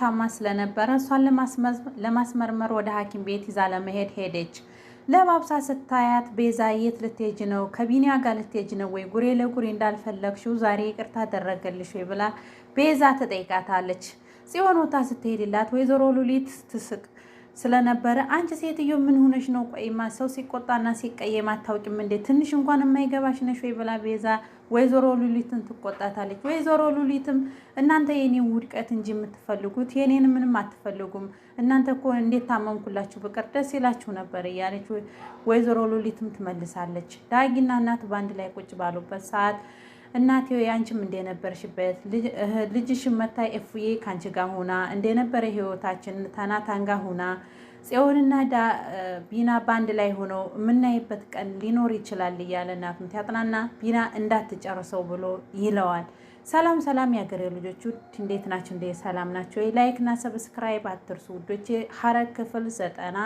ታማ ስለነበረ እሷን ለማስመርመር ወደ ሐኪም ቤት ይዛ ለመሄድ ሄደች። ለባብሳ ስታያት ቤዛ የት ነው? ከቢኒያ ጋር ልትሄጂ ነው ወይ? ጉሬ ለጉሬ እንዳልፈለግሽው ዛሬ ይቅርታ አደረገልሽ ወይ ብላ ቤዛ ትጠይቃታለች። ጽዮን ወታ ስትሄድላት ወይዘሮ ሉሊት ትስቅ ስለነበረ አንቺ ሴትዮ ምን ሆነሽ ነው? ቆይማ ሰው ሲቆጣና ሲቀየም አታውቂም እንዴ? ትንሽ እንኳን የማይገባሽ ነሽ ወይ ብላ ቤዛ ወይዘሮ ሉሊትን ትቆጣታለች። ወይዘሮ ሉሊትም እናንተ የኔን ውድቀት እንጂ የምትፈልጉት የኔን ምንም አትፈልጉም። እናንተ እኮ እንዴት ታመምኩላችሁ ብቅር ደስ ይላችሁ ነበር እያለች ወይዘሮ ሉሊትም ትመልሳለች። ዳጊና እናት በአንድ ላይ ቁጭ ባሉበት ሰዓት እናቴ ያንቺም እንደነበርሽበት ልጅሽ መታ ኤፍዬ ካንቺ ጋር ሁና እንደነበረ ህይወታችን ተናታንጋ ሁና ጽዮንና ቢና በአንድ ላይ ሆኖ የምናይበት ቀን ሊኖር ይችላል እያለ ናትም ያጥናና ቢና እንዳትጨርሰው ብሎ ይለዋል። ሰላም ሰላም የአገሬ ልጆች እንዴት ናቸው? እንደ ሰላም ናቸው። ላይክና ሰብስክራይብ አትርሱ ውዶቼ። ሐረግ ክፍል ዘጠና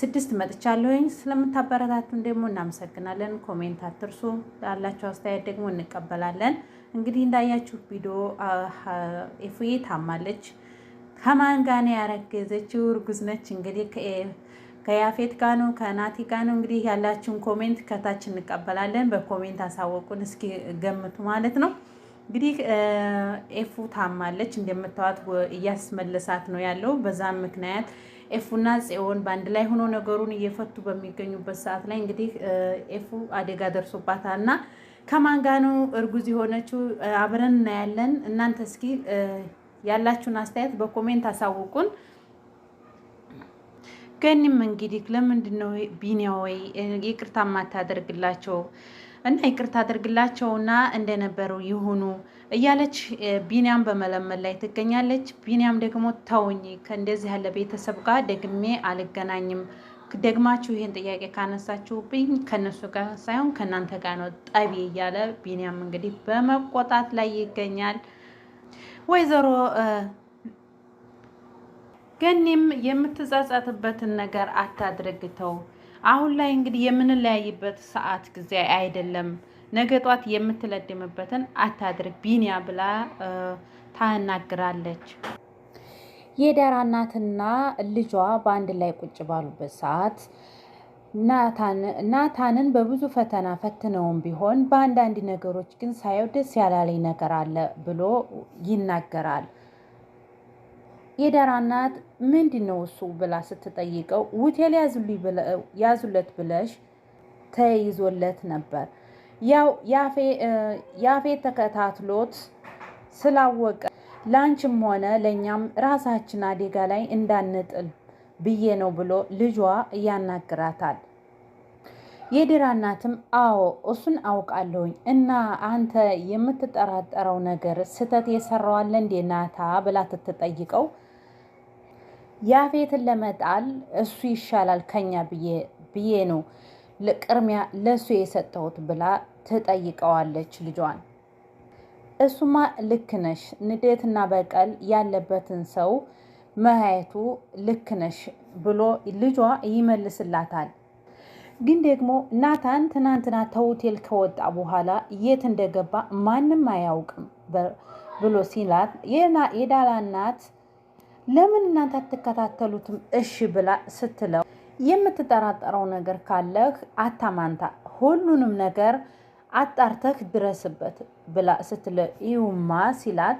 ስድስት መጥቻለሁኝ። ስለምታበረታቱን ደግሞ እናመሰግናለን። ኮሜንት አትርሱ። ላላችሁ አስተያየት ደግሞ እንቀበላለን። እንግዲህ እንዳያችሁ ቪዲዮ ኤፍዬ ታማለች። ከማን ጋር ነው ያረገዘችው? እርጉዝ ነች። እንግዲህ ከያፌት ጋር ነው ከናቲ ጋር ነው? እንግዲህ ያላችሁን ኮሜንት ከታች እንቀበላለን። በኮሜንት አሳወቁን፣ እስኪ ገምቱ ማለት ነው። እንግዲህ ኤፉ ታማለች እንደምታዋት እያስመለሳት ነው ያለው። በዛም ምክንያት ኤፉና ጽዮን በአንድ ላይ ሆኖ ነገሩን እየፈቱ በሚገኙበት ሰዓት ላይ እንግዲህ ኤፉ አደጋ ደርሶባታል እና ከማን ጋር ነው እርጉዝ የሆነችው? አብረን እናያለን። እናንተ እስኪ ያላችሁን አስተያየት በኮሜንት አሳውቁን። ገኒም እንግዲህ ለምንድን ነው ቢኒያወይ ይቅርታ ማታደርግላቸው እና ይቅርታ አድርግላቸውና እንደነበሩ ይሁኑ እያለች ቢኒያም በመለመን ላይ ትገኛለች። ቢኒያም ደግሞ ተውኝ፣ ከእንደዚህ ያለ ቤተሰብ ጋር ደግሜ አልገናኝም። ደግማችሁ ይህን ጥያቄ ካነሳችሁብኝ ከነሱ ጋር ሳይሆን ከእናንተ ጋር ነው ጠቢ እያለ ቢኒያም እንግዲህ በመቆጣት ላይ ይገኛል። ወይዘሮ ገኒም የምትጻጻትበትን ነገር አታድርግተው። አሁን ላይ እንግዲህ የምንለያይበት ሰዓት ጊዜ አይደለም። ነገ ጧት የምትለድምበትን አታድርግ ቢኒያ ብላ ታናግራለች። የዳራ እናትና ልጇ በአንድ ላይ ቁጭ ባሉበት ሰዓት ናታንን በብዙ ፈተና ፈትነውም ቢሆን በአንዳንድ ነገሮች ግን ሳየው ደስ ያላለኝ ነገር አለ ብሎ ይናገራል። የዳራ እናት ምንድን ነው እሱ ብላ ስትጠይቀው ውቴል ያዙለት ብለሽ ተይዞለት ነበር ያው ተከታትሎት ስላወቀ ላንችም ሆነ ለእኛም ራሳችን አደጋ ላይ እንዳንጥል ብዬ ነው ብሎ ልጇ ያናግራታል። የድራ እናትም አዎ እሱን አውቃለሁኝ እና አንተ የምትጠራጠረው ነገር ስህተት የሰራዋለ እንዴ ናታ ብላ ትትጠይቀው ያፌትን ለመጣል እሱ ይሻላል ከኛ ብዬ ነው ቅድሚያ ለእሱ የሰጠሁት ብላ ትጠይቀዋለች ልጇን። እሱማ ልክ ነሽ፣ ንዴትና በቀል ያለበትን ሰው መሀየቱ ልክ ነሽ ብሎ ልጇ ይመልስላታል። ግን ደግሞ ናታን ትናንትና ተሆቴል ከወጣ በኋላ የት እንደገባ ማንም አያውቅም ብሎ ሲላት የዳላ ናት ለምን እናንተ አትከታተሉትም? እሺ ብላ ስትለው የምትጠራጠረው ነገር ካለህ አታማንታ፣ ሁሉንም ነገር አጣርተህ ድረስበት ብላ ስትለው ይውማ ሲላት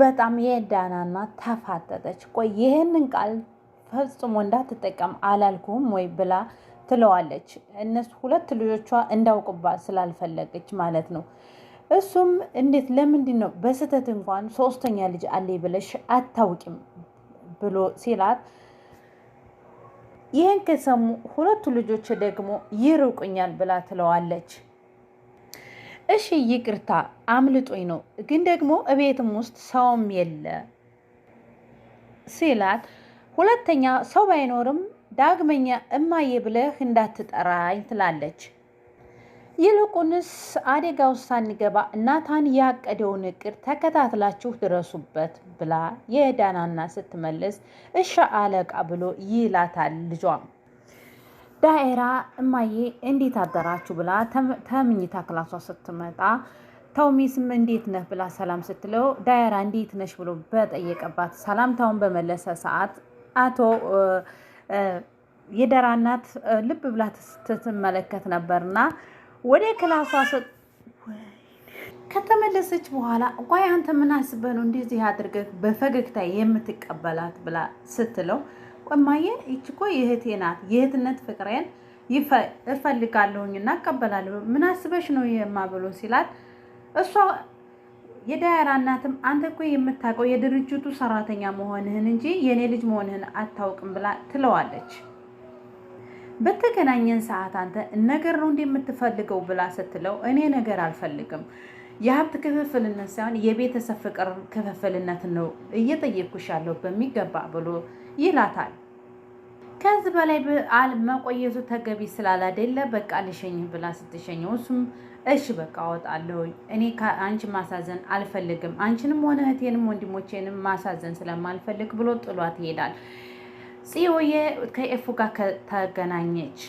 በጣም የዳናና ተፋጠጠች። ቆይ ይህንን ቃል ፈጽሞ እንዳትጠቀም አላልኩም ወይ ብላ ትለዋለች። እነሱ ሁለት ልጆቿ እንዳውቅባት ስላልፈለገች ማለት ነው። እሱም እንዴት ለምንድን ነው በስህተት እንኳን ሶስተኛ ልጅ አለ ብለሽ አታውቂም ብሎ ሲላት ይህን ከሰሙ ሁለቱ ልጆች ደግሞ ይርቁኛል ብላ ትለዋለች። እሺ ይቅርታ አምልጦኝ ነው፣ ግን ደግሞ እቤትም ውስጥ ሰውም የለ ሲላት ሁለተኛ ሰው ባይኖርም ዳግመኛ እማዬ ብለህ እንዳትጠራኝ ትላለች። ይልቁንስ አደጋ ውስጥ ሳንገባ ናታን ያቀደውን እቅድ ተከታትላችሁ ድረሱበት ብላ የዳናና ስትመልስ እሺ አለቃ ብሎ ይላታል። ልጇም ዳኤራ እማዬ እንዴት አደራችሁ ብላ ተምኝታ ክላሷ ስትመጣ ተውሚስም እንዴት ነህ ብላ ሰላም ስትለው ዳኤራ እንዴት ነሽ ብሎ በጠየቀባት ሰላምታውን በመለሰ ሰዓት አቶ የደራ እናት ልብ ብላ ስትመለከት ነበርና ወደ ክላሷ ከተመለሰች በኋላ ቆይ አንተ ምን አስበህ ነው እንደዚህ አድርገህ በፈገግታ የምትቀበላት ብላ ስትለው ቆማየ ይች እኮ የእህቴ ናት የእህትነት ፍቅሬን እፈልጋለሁኝ እና እቀበላለሁ ምን አስበሽ ነው የማ ብሎ ሲላት እሷ የዳያራ እናትም አንተ እኮ የምታውቀው የድርጅቱ ሰራተኛ መሆንህን እንጂ የእኔ ልጅ መሆንህን አታውቅም ብላ ትለዋለች። በተገናኘን ሰዓት አንተ ነገር ነው እንደምትፈልገው ብላ ስትለው እኔ ነገር አልፈልግም የሀብት ክፍፍልነት ሳይሆን የቤተሰብ ፍቅር ክፍፍልነት ነው እየጠየኩሽ ያለው በሚገባ ብሎ ይላታል። ከዚህ በላይ መቆየቱ ተገቢ ስላላደለ በቃ ልሸኝህ ብላ ስትሸኘው እሱም እሺ በቃ አወጣለሁ። እኔ አንቺ ማሳዘን አልፈልግም፣ አንቺንም ሆነ እህቴንም ወንድሞቼንም ማሳዘን ስለማልፈልግ ብሎ ጥሏት ይሄዳል። ጽዮዬ ከኤፉ ጋር ተገናኘች።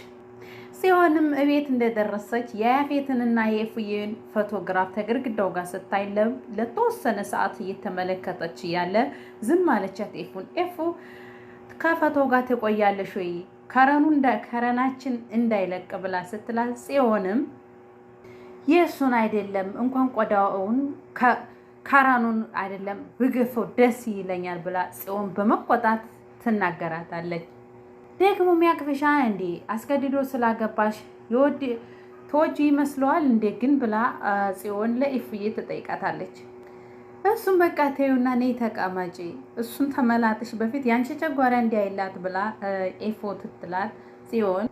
ጽዮንም እቤት እንደደረሰች የያፌትንና የኤፉዬን ፎቶግራፍ ከግድግዳው ጋር ስታይ ለተወሰነ ሰዓት እየተመለከተች እያለ ዝም አለቻት። ኤፉን ኤፉ ከፎቶ ጋር ትቆያለሽ ወይ ከረኑ ከረናችን እንዳይለቅ ብላ ስትላት ጽዮንም የእሱን አይደለም እንኳን ቆዳውን ካራኑን አይደለም ብግፎ ደስ ይለኛል ብላ ጽዮን በመቆጣት ትናገራታለች። ደግሞ ሚያቅፍሻ እንዴ አስገድዶ ስላገባሽ ተወጂ ይመስለዋል እንዴ ግን ብላ ጽዮን ለኢፍዬ ትጠይቃታለች። እሱም በቃ ተዩና እኔ ተቀመጪ እሱን ተመላጥሽ በፊት ያንቺ ጨጓራ እንዲያይላት ብላ ኤፎ ትትላት ጽዮን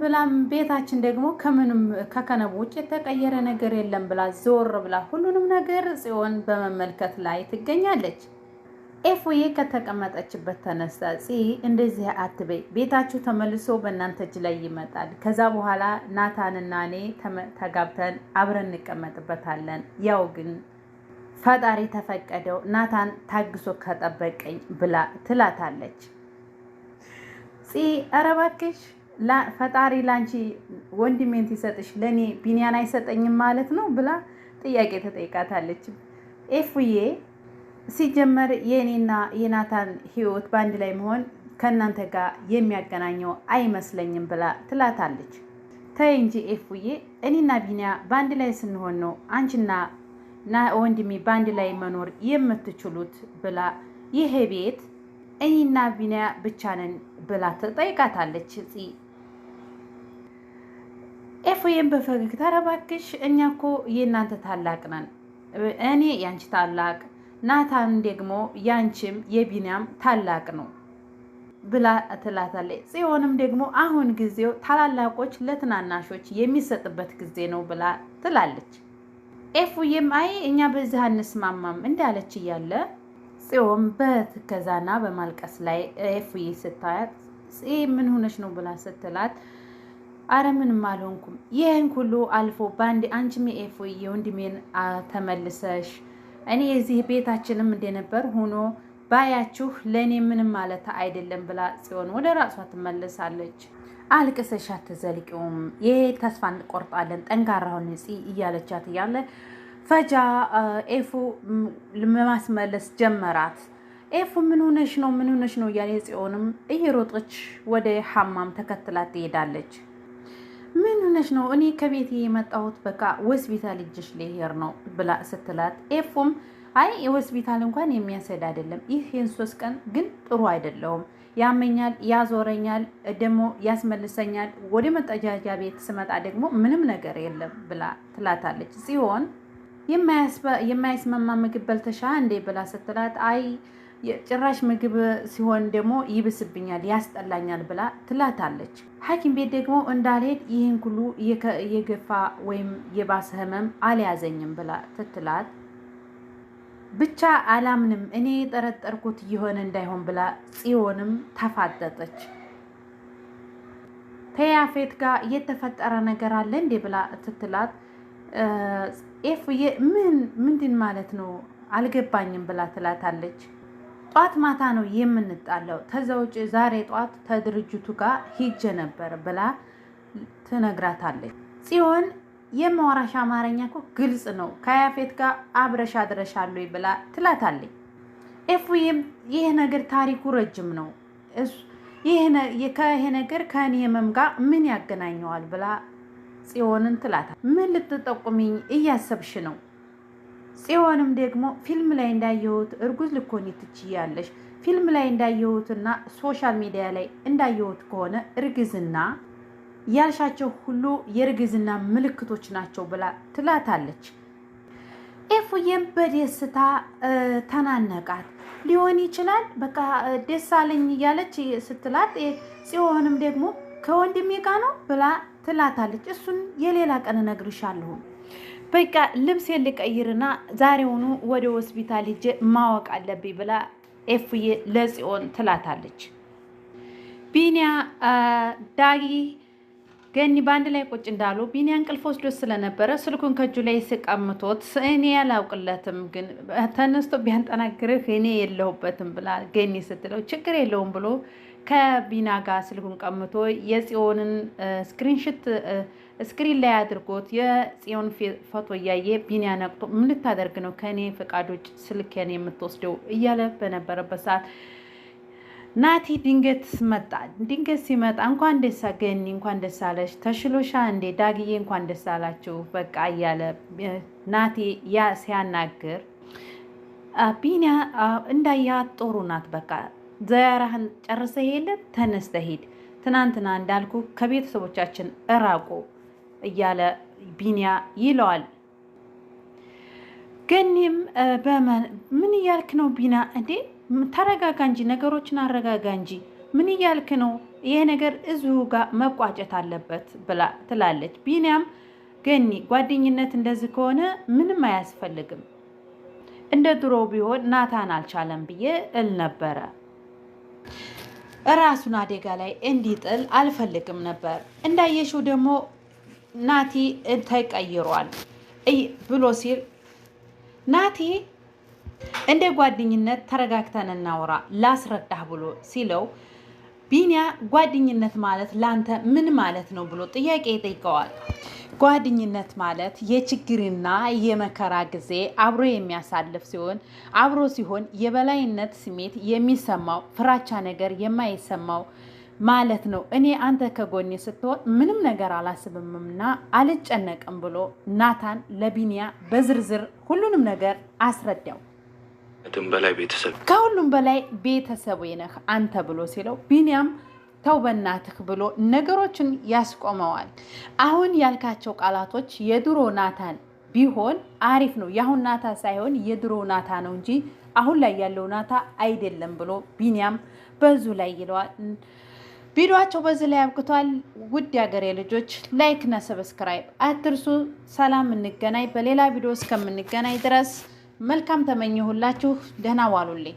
ብላም ቤታችን ደግሞ ከምንም ከከነቡ ውጭ የተቀየረ ነገር የለም ብላ ዞር ብላ ሁሉንም ነገር ጽዮን በመመልከት ላይ ትገኛለች። ኤፉዬ ከተቀመጠችበት ተነሳ ጽ እንደዚህ አትበይ፣ ቤታችሁ ተመልሶ በእናንተ እጅ ላይ ይመጣል። ከዛ በኋላ ናታንና እኔ ተጋብተን አብረን እንቀመጥበታለን። ያው ግን ፈጣሪ ተፈቀደው ናታን ታግሶ ከጠበቀኝ ብላ ትላታለች። ጽ ኧረ እባክሽ ፈጣሪ ላንቺ ወንድሜን ይሰጥሽ ለእኔ ቢኒያን አይሰጠኝም ማለት ነው ብላ ጥያቄ ተጠይቃታለች። ኤፉዬ ሲጀመር የእኔና የናታን ህይወት በአንድ ላይ መሆን ከእናንተ ጋር የሚያገናኘው አይመስለኝም ብላ ትላታለች። ተይ እንጂ ኤፉዬ እኔና ቢኒያ በአንድ ላይ ስንሆን ነው አንቺና ወንድሜ በአንድ ላይ መኖር የምትችሉት ብላ ይሄ ቤት እኔና ቢኒያ ብቻ ነን ብላ ትጠይቃታለች። ኤፎዬም በፈገግታ ኧረ እኛ እኮ የእናንተ ታላቅ ነን። እኔ ያንቺ ታላቅ ናታን ደግሞ ያንቺም የቢንያም ታላቅ ነው ብላ ትላታለች። ጽዮንም ደግሞ አሁን ጊዜው ታላላቆች ለትናናሾች የሚሰጥበት ጊዜ ነው ብላ ትላለች። ኤፉዬም አይ እኛ በዚህ አንስማማም እንዳለች እያለ ጽዮን በትከዛና በማልቀስ ላይ ኤፉዬ ስታያት ምን ሆነች ነው ብላ ስትላት አረ ምንም አልሆንኩም። ይህን ሁሉ አልፎ በአንድ አንቺም የኤፎዬ የወንድሜን ተመልሰሽ እኔ የዚህ ቤታችንም እንደነበር ሆኖ ባያችሁ ለእኔ ምንም ማለት አይደለም ብላ ጽዮን ወደ ራሷ ትመለሳለች። አልቅሰሽ አትዘልቂውም፣ ይህ ተስፋ እንቆርጣለን፣ ጠንካራ ሁን ጽ እያለቻት እያለ ፈጃ ኤፉ ለማስመለስ ጀመራት። ኤፉ ምን ሆነሽ ነው? ምን ሆነሽ ነው? እያለ ጽዮንም እየሮጠች ወደ ሐማም ተከትላት ትሄዳለች። ምን ሆነሽ ነው? እኔ ከቤት የመጣሁት በቃ ሆስፒታል እጅሽ ልሄድ ነው ብላ ስትላት ኤፉም አይ የሆስፒታል እንኳን የሚያስሄድ አይደለም። ይህ የሶስት ቀን ግን ጥሩ አይደለውም። ያመኛል፣ ያዞረኛል፣ ደግሞ ያስመልሰኛል። ወደ መጠጃጃ ቤት ስመጣ ደግሞ ምንም ነገር የለም ብላ ትላታለች። ሲሆን የማያስማማ ምግብ በልተሻ እንዴ ብላ ስትላት አይ የጭራሽ ምግብ ሲሆን ደግሞ ይብስብኛል፣ ያስጠላኛል ብላ ትላታለች። ሐኪም ቤት ደግሞ እንዳልሄድ ይህን ሁሉ የገፋ ወይም የባሰ ህመም አልያዘኝም ብላ ትትላት፣ ብቻ አላምንም እኔ የጠረጠርኩት እየሆነ እንዳይሆን ብላ ጽዮንም ተፋጠጠች። ከያፌት ጋር የተፈጠረ ነገር አለ እንዴ ብላ ትትላት፣ ኤፍዬ ምን ምንድን ማለት ነው አልገባኝም ብላ ትላታለች። ጠዋት ማታ ነው የምንጣለው። ከዛ ውጭ ዛሬ ጠዋት ከድርጅቱ ጋር ሂጄ ነበር ብላ ትነግራታለች። ጽዮን የማወራሽ አማርኛ እኮ ግልጽ ነው ከያፌት ጋር አብረሽ አድረሻለሁ ብላ ትላታለች። ኤፉዬም ይህ ነገር ታሪኩ ረጅም ነው ይሄ ነገር ከእኔ ህመም ጋር ምን ያገናኘዋል ብላ ጽዮንን ትላታል። ምን ልትጠቁሚኝ እያሰብሽ ነው? ጽዮንም ደግሞ ፊልም ላይ እንዳየሁት እርጉዝ ልኮኝ ትችያለሽ። ፊልም ላይ እንዳየሁትና ሶሻል ሚዲያ ላይ እንዳየሁት ከሆነ እርግዝና ያልሻቸው ሁሉ የእርግዝና ምልክቶች ናቸው ብላ ትላታለች። ኤፉዬም በደስታ ተናነቃት። ሊሆን ይችላል በቃ ደስ አለኝ እያለች ስትላት፣ ጽዮንም ደግሞ ከወንድሜ ጋ ነው ብላ ትላታለች። እሱን የሌላ ቀን እነግርሻለሁ በቃ ልብሴን ልቀይርና ዛሬውኑ ወደ ሆስፒታል ሄጄ ማወቅ አለብኝ ብላ ኤፍዬ ለጽዮን ትላታለች። ቢኒያ ዳጊ ገኒ በአንድ ላይ ቁጭ እንዳሉ ቢኒ እንቅልፍ ወስዶ ስለነበረ ስልኩን ከእጁ ላይ ስቀምቶት እኔ ያላውቅለትም ግን ተነስቶ ቢያንጠናግርህ እኔ የለሁበትም ብላ ገኒ ስትለው ችግር የለውም ብሎ ከቢና ጋር ስልኩን ቀምቶ የጽዮንን ስክሪንሽት ስክሪን ላይ አድርጎት የጽዮን ፎቶ እያየ ቢኒያ ነቅቶ ምን ልታደርግ ነው ከእኔ ፈቃድ ውጭ ስልኬን የምትወስደው እያለ በነበረበት ሰዓት ናቲ ድንገት መጣ። ድንገት ሲመጣ እንኳን ደስ ገኒ፣ እንኳን ደስ አለሽ፣ ተሽሎሻ እንዴ ዳግዬ፣ እንኳን ደስ አላችሁ፣ በቃ እያለ ናቲ ያ ሲያናግር ቢኒያ እንዳያ ጦሩ ናት። በቃ ዘያራህን ጨርሰ ሄለ ተነስተ ሄድ፣ ትናንትና እንዳልኩ ከቤተሰቦቻችን እራቁ እያለ ቢኒያ ይለዋል። ገኒም ምን እያልክ ነው ቢና እንዴ ተረጋጋ እንጂ ነገሮችን አረጋጋ እንጂ ምን እያልክ ነው? ይሄ ነገር እዚሁ ጋር መቋጨት አለበት ብላ ትላለች። ቢኒያም ገኒ፣ ጓደኝነት እንደዚህ ከሆነ ምንም አያስፈልግም። እንደ ድሮ ቢሆን ናታን አልቻለም ብዬ እል ነበረ። እራሱን አደጋ ላይ እንዲጥል አልፈልግም ነበር። እንዳየሽው ደግሞ ናቲ ተቀይሯል ብሎ ሲል ናቲ እንደ ጓደኝነት ተረጋግተን እናውራ ላስረዳህ ብሎ ሲለው ቢኒያ ጓደኝነት ማለት ለአንተ ምን ማለት ነው ብሎ ጥያቄ ይጠይቀዋል። ጓደኝነት ማለት የችግርና የመከራ ጊዜ አብሮ የሚያሳልፍ ሲሆን አብሮ ሲሆን የበላይነት ስሜት የሚሰማው ፍራቻ ነገር የማይሰማው ማለት ነው። እኔ አንተ ከጎኔ ስትሆን ምንም ነገር አላስብምና አልጨነቅም ብሎ ናታን ለቢኒያ በዝርዝር ሁሉንም ነገር አስረዳው። ከሁሉም በላይ ቤተሰብ ከሁሉም በላይ ቤተሰብ ነህ አንተ ብሎ ሲለው ቢኒያም ተው በናትህ ብሎ ነገሮችን ያስቆመዋል። አሁን ያልካቸው ቃላቶች የድሮ ናታን ቢሆን አሪፍ ነው። የአሁን ናታ ሳይሆን የድሮ ናታ ነው እንጂ አሁን ላይ ያለው ናታ አይደለም ብሎ ቢኒያም በዙ ላይ ይለዋል። ቪዲዮቸው በዚህ ላይ አብቅቷል። ውድ የሀገሬ ልጆች ላይክ ሰብስክራይብ አትርሱ። ሰላም እንገናኝ። በሌላ ቪዲዮ እስከምንገናኝ ድረስ መልካም ተመኘሁላችሁ። ደህና ዋሉልኝ።